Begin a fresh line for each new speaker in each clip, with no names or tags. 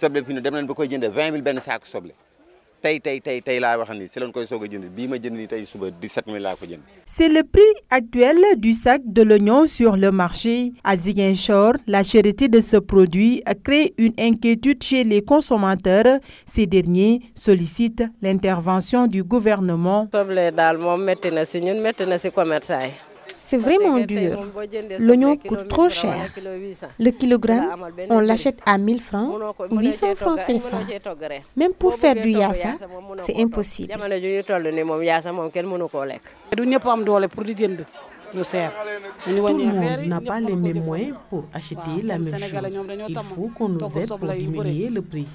soble bi fi ne dem nañ ba koy jëndee vingt mille benn soble tay tay tay tay la wax ni si lañ koy soga a jënd bii ma jënd nii tey suba 17000 la ko jënd.
C'est le prix actuel du sac de l'oignon sur le marché. À Ziguinchor, la cherté de ce produit a créé une inquiétude chez les consommateurs. Ces derniers sollicitent l'intervention du gouvernement. soble dal mom metti na si ñun metti na si commerçant c'est vraiment dur. L'oignon coûte trop cher. Hein.
Le kilogramme, on l'achète à 1000 francs, 800 francs CFA.
Même pour faire du yassa, c'est impossible. Tout le monde n'a pas les mêmes moyens pour acheter la même chose. Il faut qu'on nous aide pour diminuer le prix.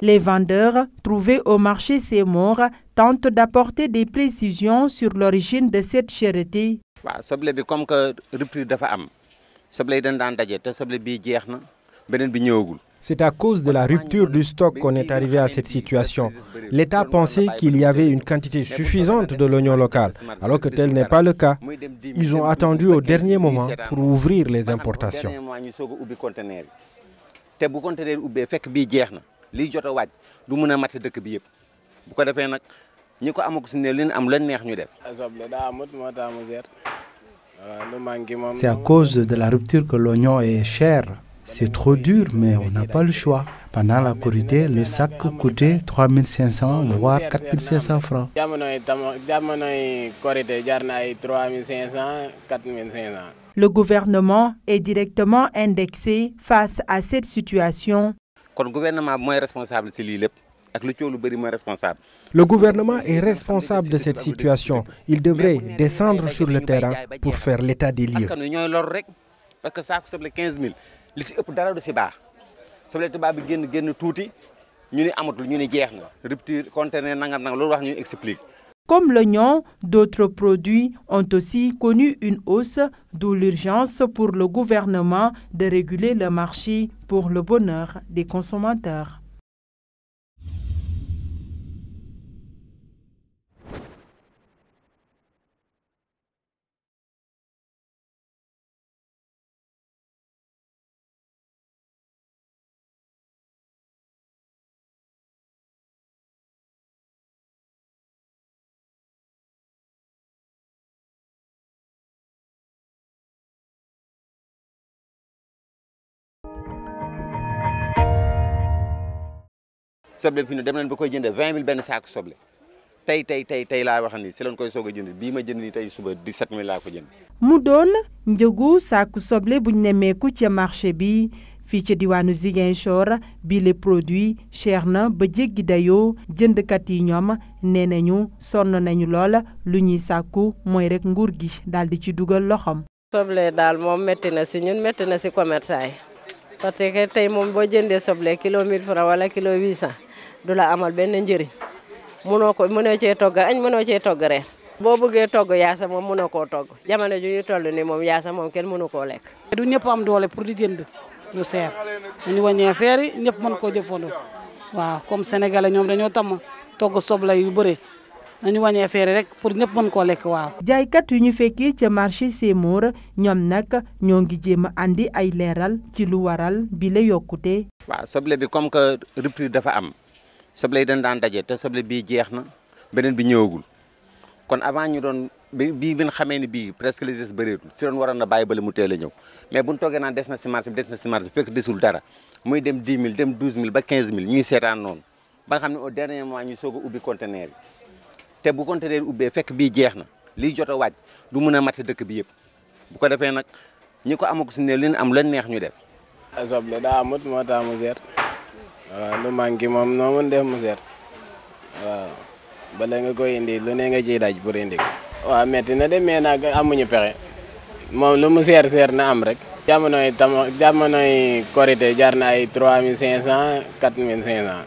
Les vendeurs, trouvés au marché ces morts, tentent d'apporter des précisions sur l'origine de cette charité.
comme que c'est à cause de la rupture du stock qu'on est arrivé à cette situation. L'État pensait qu'il y avait une quantité suffisante de l'oignon local, alors que tel n'est pas le cas. Ils ont attendu au dernier moment pour ouvrir les importations. C'est à cause de la rupture que l'oignon est cher. C'est trop dur, mais on n'a pas le choix. Pendant la corrida, le sac coûtait 3500 voire 4500 francs.
Le gouvernement est directement indexé face à cette situation.
Le gouvernement est responsable le gouvernement est responsable de cette situation. Il devrait descendre sur le terrain pour faire l'état des lieux.
Comme l'oignon, d'autres produits ont aussi connu une hausse, d'où l'urgence pour le gouvernement de réguler le marché pour le bonheur des consommateurs.
soble bi fi dem nañ ba koy jëndee vingt mille benn saako soble tey tey tey tey laa wax ni si lañ koy soog a jënd bii ma jënd ni tey suba dix laa ko jënd.
mu doon njëgu saako soble buñ nemmeeku ca marché bi fii ci diwaanu Ziguinchor bii les produits cher na ba jéggi dayoo jëndkat yi ñoom nee ñu sonn nañu loola lu ñuy sàkku mooy rek nguur gi daal di ci dugal loxoom. soble daal moom métti na si ñun métti na si commerçant yi parce que tey moom boo jëndee soble kilo 1000 francs wala kilo 800 du la amal benn njëriñ mënoo ko mënoo cee togg añ mënoo cee togg reer boo bëggee togg yaasa moom mënoo koo togg jamono ju ñu toll ni moom yaasa moom kenn mënu koo lekk. du ñëpp am doole pour di jënd lu seer ñu wàññee feer yi ñëpp mën koo jëfandoo waaw comme sénégalais ñoom dañoo tàmm togg soble yu bëre. nañu wàññi affaire yi rek pour ñëpp mën koo lekk waaw. jaaykat yu ñu fekkee ca marché Sémour ñoom nag ñoo ngi jéem a andi ay leeral ci lu waral bi la yokkute.
waa soble bi comme que rupture dafa am soble yi dañ daan daje te soble bii jeex na beneen bi ñëwagul kon avant ñu doon bi bii bi xamee ni bii presque li des bëreetul si doon waroon na bàyyi bala mu teel a ñëw mais bu ñu toogee naan des na si marché bi des na si marché bi fekk desul dara muy dem 10 ba 15 000 ñuy seetaan noonu ba nga xam ne ñu soog ubbi conteneur yi. te bu conteneur ubbee fekk bii jeex na liy jot a wàcc du mën a mat dëkk bi yëpp bu ko defee nag ñi ko amagu si ne li am lan neex ñu def. soble daa amut moo tax mu seet waaw lu manqué moom noo mën def mu seet waaw bala nga koy indi lu ne nga ciy daj pour waa ko. waaw metti na de mais nag amuñu pexe moom lu mu seer seer na am rek. jamonoy tam jamonoy korité jar na ay trois mille cinq cent quatre mille cinq cent.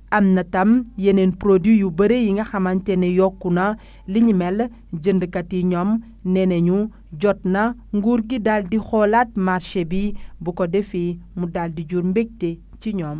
am na tam yeneen produit yu bëre yi nga xamante ne yokku na li ñu mel jëndkat yi ñoom nee nañu jot na nguur gi daldi xoolaat marché bi bu ko defee mu daal di jur mbegte ci ñoom